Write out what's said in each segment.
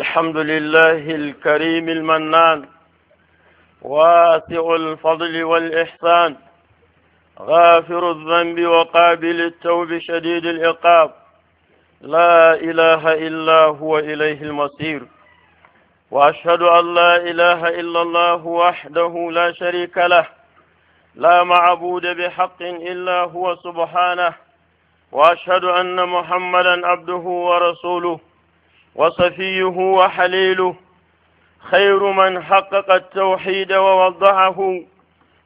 الحمد لله الكريم المنان واسع الفضل والإحسان غافر الذنب وقابل التوب شديد العقاب لا إله إلا هو إليه المصير وأشهد أن لا إله إلا الله وحده لا شريك له لا معبود بحق إلا هو سبحانه وأشهد أن محمدا عبده ورسوله وصفيه وحليله خير من حقق التوحيد ووضعه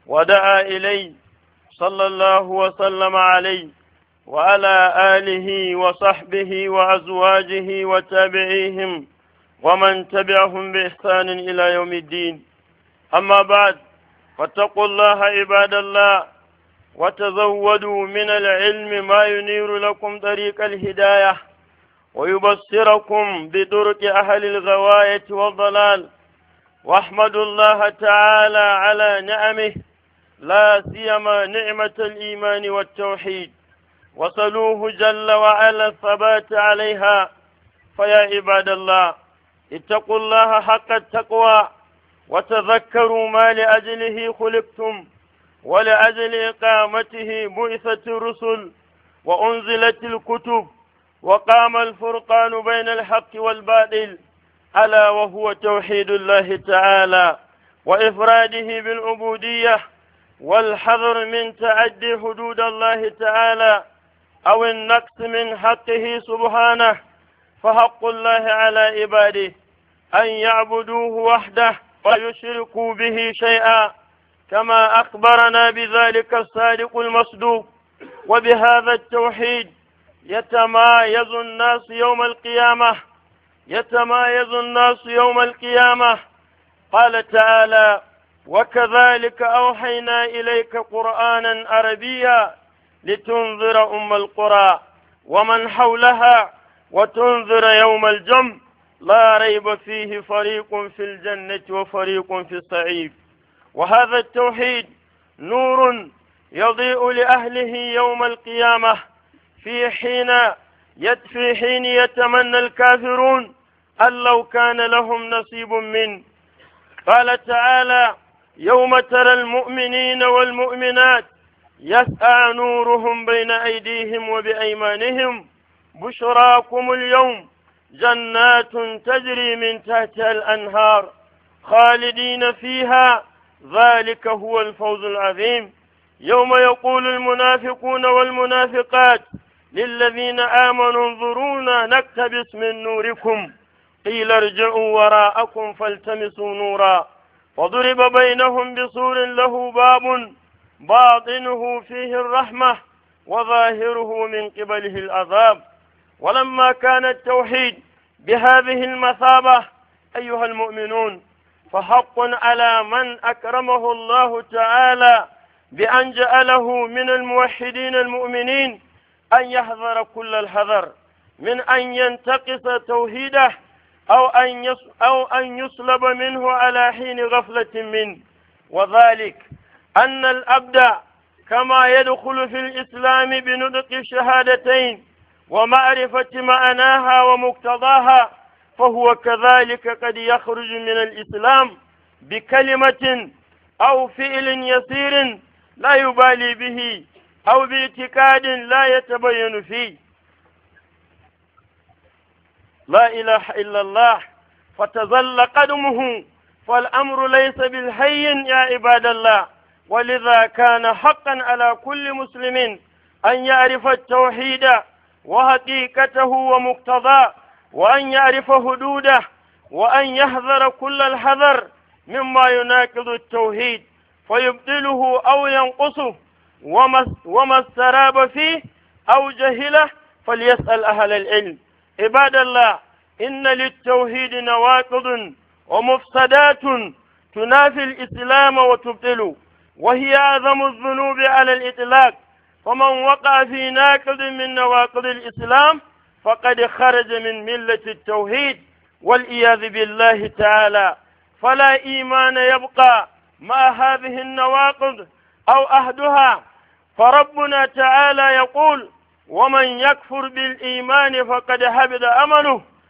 ودعا إليه صلى الله وسلم عليه وعلى آله وصحبه وأزواجه وتابعيهم ومن تبعهم بإحسان إلى يوم الدين أما بعد فاتقوا الله عباد الله وتزودوا من العلم ما ينير لكم طريق الهداية ويبصركم بدرك أهل الغواية والضلال واحمد الله تعالى على نعمه لا سيما نعمة الإيمان والتوحيد وصلوه جل وعلا الثبات عليها فيا عباد الله اتقوا الله حق التقوى وتذكروا ما لأجله خلقتم ولأجل إقامته بعثة الرسل وأنزلت الكتب وقام الفرقان بين الحق والباطل ألا وهو توحيد الله تعالى وإفراده بالعبودية والحذر من تعدي حدود الله تعالى أو النقص من حقه سبحانه فحق الله على عباده أن يعبدوه وحده ويشركوا به شيئا كما أخبرنا بذلك الصادق المصدوق وبهذا التوحيد يتمايز الناس يوم القيامة يتمايز الناس يوم القيامة قال تعالى وكذلك أوحينا إليك قرآنا عربيا لتنذر أم القرى ومن حولها وتنذر يوم الجمع لا ريب فيه فريق في الجنة وفريق في الصعيد وهذا التوحيد نور يضيء لأهله يوم القيامة في حين في حين يتمنى الكافرون أن لو كان لهم نصيب منه قال تعالى يوم ترى المؤمنين والمؤمنات يسعى نورهم بين أيديهم وبأيمانهم بشراكم اليوم جنات تجري من تحت الأنهار خالدين فيها ذلك هو الفوز العظيم يوم يقول المنافقون والمنافقات للذين آمنوا انظرونا نكتبس من نوركم قيل ارجعوا وراءكم فالتمسوا نورا وضرب بينهم بسور له باب باطنه فيه الرحمة وظاهره من قبله العذاب ولما كان التوحيد بهذه المثابة أيها المؤمنون فحق على من أكرمه الله تعالى بأن جعله من الموحدين المؤمنين أن يحذر كل الحذر من أن ينتقص توحيده أو أن أو أن يصلب منه على حين غفلة منه وذلك أن الأبد كما يدخل في الإسلام بنطق الشهادتين ومعرفة معناها ومقتضاها فهو كذلك قد يخرج من الإسلام بكلمة أو فعل يسير لا يبالي به أو باعتقاد لا يتبين فيه لا إله إلا الله فتظل قدمه فالأمر ليس بالهين يا عباد الله ولذا كان حقا على كل مسلم أن يعرف التوحيد وحقيقته ومقتضاه وأن يعرف حدوده وأن يحذر كل الحذر مما يناقض التوحيد فيبطله أو ينقصه وما, وما استراب فيه أو جهله فليسأل أهل العلم عباد الله إن للتوحيد نواقض ومفسدات تنافي الإسلام وتبطله وهي أعظم الذنوب على الإطلاق فمن وقع في ناقض من نواقض الإسلام فقد خرج من ملة التوحيد والعياذ بالله تعالى فلا إيمان يبقى مع هذه النواقض أو أهدها فربنا تعالى يقول ومن يكفر بالإيمان فقد حبد أمله